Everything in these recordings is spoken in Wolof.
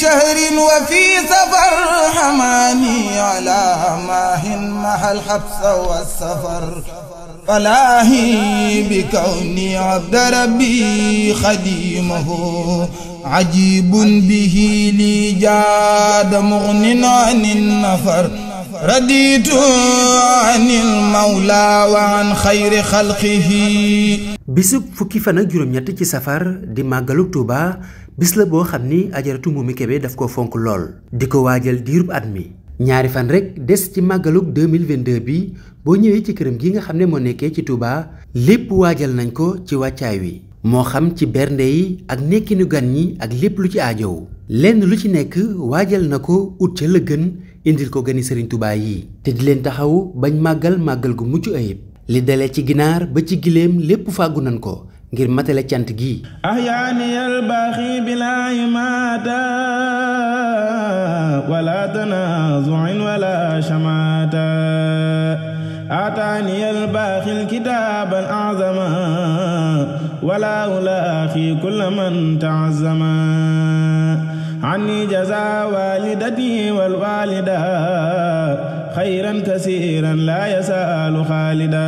شهر وفي سفر حماني على ماه مع الحبس والسفر فلاهي بكوني عبد ربي خديمه عجيب به لي جاد مغن عن النفر رديت عن المولى وعن خير خلقه bisub fukki fan ak juróom-ñett ci safar di màggalu Tuuba bis la boo xam ni ajaratu Mimi Kébé daf ko fonk lool di ko waajal diirub at mi ñaari fan rek des ci màggalug 2022 bi boo ñëwee ci këram gi nga xam ne moo nekkee ci tubaa lépp waajal nañ ko ci wàccaay wi moo xam ci bernde yi ak nekkinu gan ñi ak lépp lu ci aajow lenn lu ci nekk waajal na ko ut ca la gën indil ko gani Serigne Touba yi te di leen taxaw bañ màggal màggal gu mucc ayib li dalee ci ginaar ba ci giléem lépp fàggu nañ ko ngir matale cant gii ahyaaniyal baaxi bilaa yumaata wala tanaazuin wala shamaata ataaniyal baaxil kitaaban azama wala ulaaxi kulla man taazama anni jazaa waalidati wal waalida xayran kasiiran laa yasaalu xaalida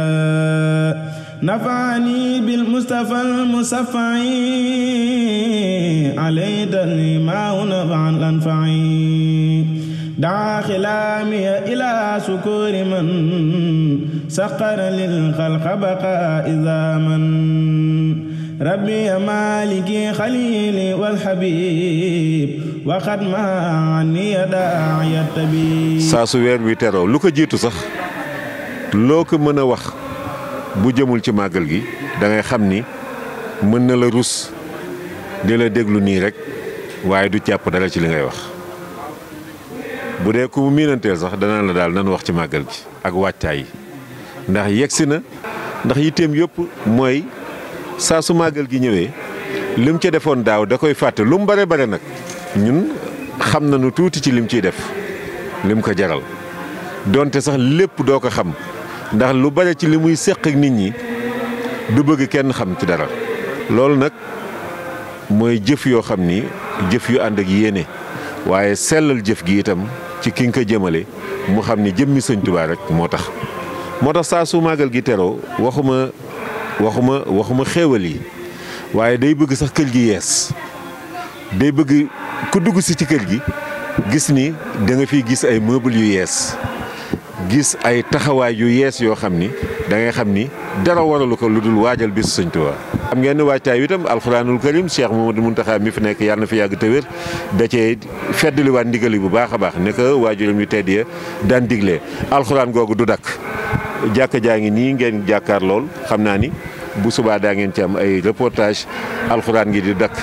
nafaani bil mustafa al musafai alaytani ma huna fa'al anfai daa xilaamiya ila sukuri man saqara lil xalqa baqa iza man rabbi maliki xalili wal habib waxat ma niya daa yattabi saa su weer wi teroo lu ko jiitu sax loo ko mën a wax bu jëmul ci màggal gi dangay xam ni mën na la rus di la déglu nii rek waaye du jàpp dara ci li ngay wax bu dee ku mu miinanteel sax danaa la daal nan wax ci màggal gi ak waajtaay yi ndax yegsi na ndax yitteem yëpp mooy saa su màggal gi ñëwee lim ca defoon daaw da koy fàtte lu mu bare bare nag ñun xam nanu tuuti ci lim ciy def lim ko jaral donte sax lépp doo ko xam ndax lu bare ci li muy séq ak nit ñi du bëgg kenn xam ci dara loolu nag mooy jëf yoo xam ni jëf yu ànd ak yéene waaye sellal jëf gi itam ci ki nga ko jëmale mu xam ni jëmmi sëñ Tuubaa rek moo tax moo tax saa su màggal gi teroo waxuma waxuma waxuma xéewal yi waaye day bëgg sax kër gi yees day bëgg ku dugg si ci kër gi gis ni danga fi gis ay meubles yu yees gis ay taxawaay yu yees yoo xam ni da ngay xam ni dara waralu ko lu dul waajal bis sëñ Tuubaa am ngeen wàccaay wi tam alxuraanul karim Cheikh Mamadou Mountakha mi fi nekk yàlla na fi yàgg te wér da cee feddaliwaat ndigali bu baax a baax ne ko waajuram yu tedd ya daan diglee alxuraan googu du dakk jàkk jaa ngi nii ngeen jàkkaar lool xam naa ni bu subaa daa ngeen ci am ay reportage alxuraan ngi di dakk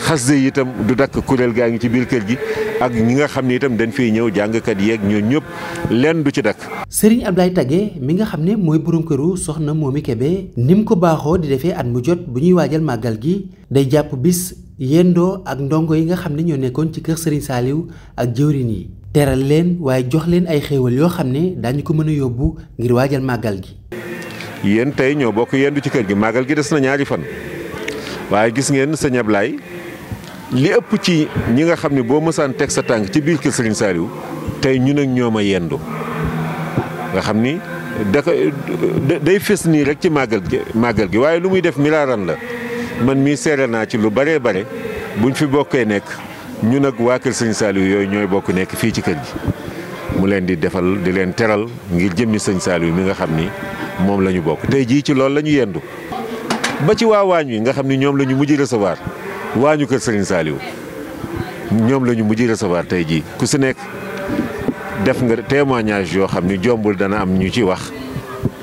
xasde itam du dakk kuréel gaa ngi ci biir kër gi ak ñi nga xam ne itam dañ fi ñëw jàngkat yeeg ñoom ñëpp lenn du ci dakk sëriñ Ablaye Tagué mi nga xam ne mooy borom këru soxna Momy kebe ni mu ko baaxoo di defee at mu jot bu ñuy waajal màggal gi day jàpp bis yendoo ak ndongo yi nga xam ne ñoo nekkoon ci kër Serigne saaliw ak jëwrin yi teral leen waaye jox leen ay xéewal yoo xam ne daañu ko mën a yóbbu ngir waajal màggal gi. yéen tey ñoo bokk yendu ci kër gi màggal gi des na ñaari fan waaye gis ngeen sëñ li ëpp ci ñi nga xam ne boo mësaan teg sa tànk ci biir kër Serigne Saliou tey ñun ak ñoo ma yendu nga xam ni da day fës nii rek ci màggal gi màggal gi waaye lu muy def milaaran la man mii seere naa ci lu baree bare buñ fi bokkee nekk ñun ak waa kër Serigne Saliou yooyu ñooy bokk nekk fii ci kër gi. mu leen di defal di leen teral ngir jëmmi Serigne Saliou mi nga xam ni moom lañu bokk tey jii ci loolu la ñu yendu ba ci waa waañ wi nga xam ni ñoom la ñu mujj recevoir. waa ñu kër Serigne Saliou ñoom lañu ñu mujj recevoir tey jii ku si nekk def nga témoignage yoo xam ni jombul dana am ñu ci wax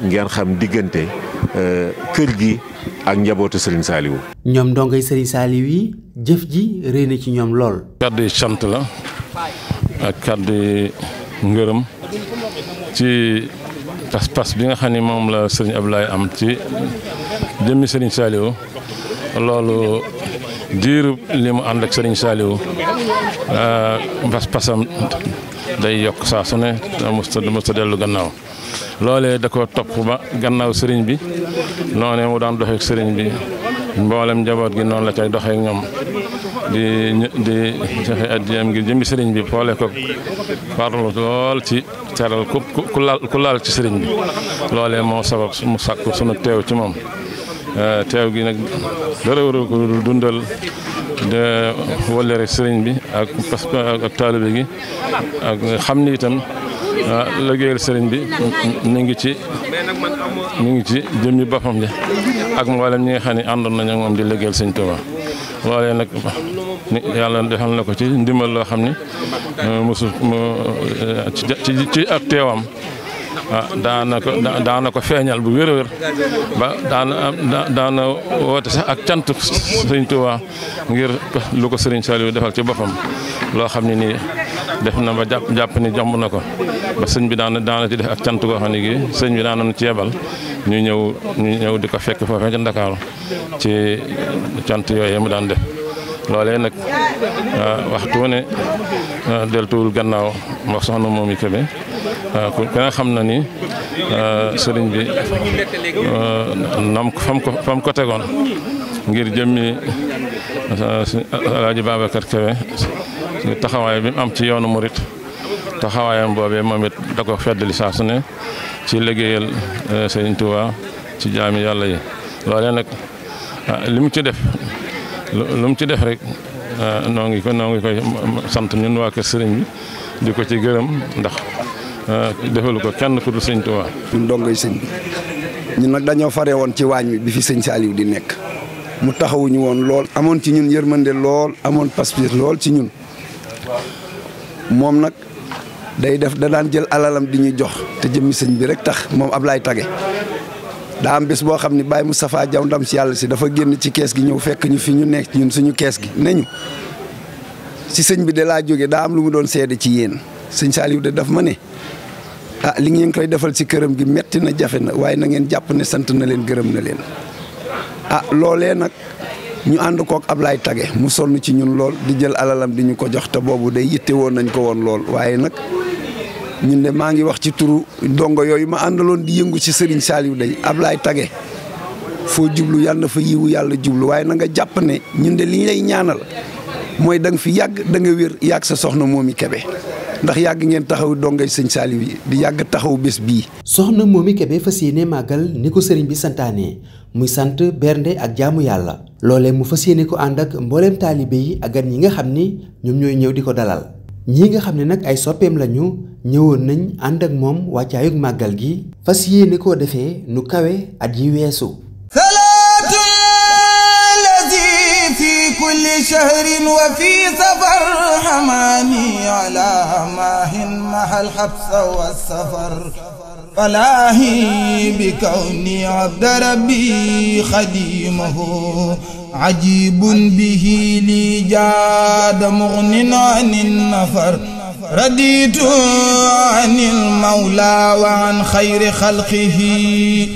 ngeen xam diggante euh, kër gi ak njabootu Serigne Saliou. ñoom ndongoy Serigne Saliou yi jëf ji rëy ci ñoom lool. kàddu sant la ak kàddu ngërëm ci pas-pas bi nga xam ne moom la Serigne lay am ci jëmmi Serigne Saliou loolu. diirub li mu ànd ak sëriñ Saliou euh, mbas pasam day yokk saa su ne musta musta dellu gannaaw loolee da ko topp ba gannaaw sëriñ bi noonee mu daan doxeek sëriñ bi mboolem njaboot gi noonu la koy doxeek ñoom di di joxe addiyam ngir jëmbi bi boole ko farlu lool ci teral ku ku laal ci sëriñ bi loolee moo sabab mu sàkku sunu teew ci moom Euh, teew gi nag dara waral dundal de wala rek sëriñ bi ak parce que ak taalibe gi ak xam ni itam ah sëriñ bi mi ngi ci mi ngi ci jëm ñu boppam de ak mboolem ñi nga xam ne àndoon nañu di liggéeyal sëñ Tuubaa loolee nag yàlla defal na ko ci ndimal loo xam ni ah, mosu ah, ci ci ak teewam. daanaka ah, daana ko feeñal bu wér a wér ba daana ah, woote sax ak cant sëriñ ngir lu ko sëriñ Saliou defal ci boppam loo xam ne nii def na ba jàpp jàpp ni jomb na ko ba sëñ bi daana daana ci def ak cant goo xam gi sëñ bi daana nu ci yebal ñu ñëw ñu ñëw di ko fekk foofee ca Ndakaaru ci cant yooyu mu daan def loolee nag ah, waxtu ne deltuwul gannaaw wax soxna moom yi kebe Euh, ko nga xam na ni euh, sëriñ bi euh, nam ko fam ko fam tegoon ngir jëmmi alaaji Babacar Kebe taxawaay bi am ci yoonu murit taxawaayam boobee moom it da ko feddali saa su ne ci liggéeyal sëriñ Touba ci jaami yàlla yi loolee nag li mu ci def lu mu ci def rek noo ngi ko noo ngi koy mm, mm, sant ñun waa kër sëriñ bi di ko ci gërëm ndax Euh, defalu ko kenn ku dul sëñ Tuubaa ñun dongoy sëñ bi ñun nag dañoo fare woon ci waañ wi bi fi sëñ Saliou di nekk mu taxawuñu woon lool amoon ci ñun yërmande lool amoon paspir lool ci ñun moom nag day def da daan jël alalam di ñu jox te jëmm sëñ bi rek tax moom Ablaye Tage daa am bés boo xam ni Baye Moustapha Diaw ndam si yàlla si dafa génn ci kees gi ñëw fekk ñu fi ñu nekk ñun suñu kees gi ne ñu si sëñ bi da laa jóge daa am lu mu doon seede ci yéen sëñ Saliou de daf ma ne a ah, li ngeen koy defal si këram gi metti na jafe na waaye na ngeen jàpp ne sant na leen gërëm na leen ah loolee nag ñu ànd kook Ablaye Tage mu sonn ci ñun lool di jël alalam di ñu ko jox te boobu day yitte woon nañ ko woon lool waaye nag ñun de maa ngi wax ci turu dongo yooyu ma àndaloon di yëngu ci Serigne Saliou day Ablaye Tage foo jublu yàlla na fa yiwu yàlla jublu waaye na nga jàpp ne ñun de li lay ñaanal mooy da fi yàgg da nga wér yàgg sa soxna moomi Kebe ndax yàgg ngeen taxaw dongay sëñ Saliou yi di yàgg taxaw bés bii. soxna Momy Kébé fas yéene màggal ni ko sëriñ bi santaane muy sant bernde ak jaamu yàlla. loole mu fas yéene ko ànd ak mbooleem taalibe yi ak yi nga xam ni ñoom ñooy ñëw di ko dalal. ñii nga xam ne nag ay soppeem lañu ñëwoon nañ ànd ak moom wàccaayug màggal gi. fas yéene koo defee nu kawe at yi weesu. كل شهر وفي سفر حماني على ماهن مع الحبس والسفر فلاهي بكوني عبد ربي خديمه عجيب به لي جاد مغن عن النفر رديت عن المولى وعن خير خلقه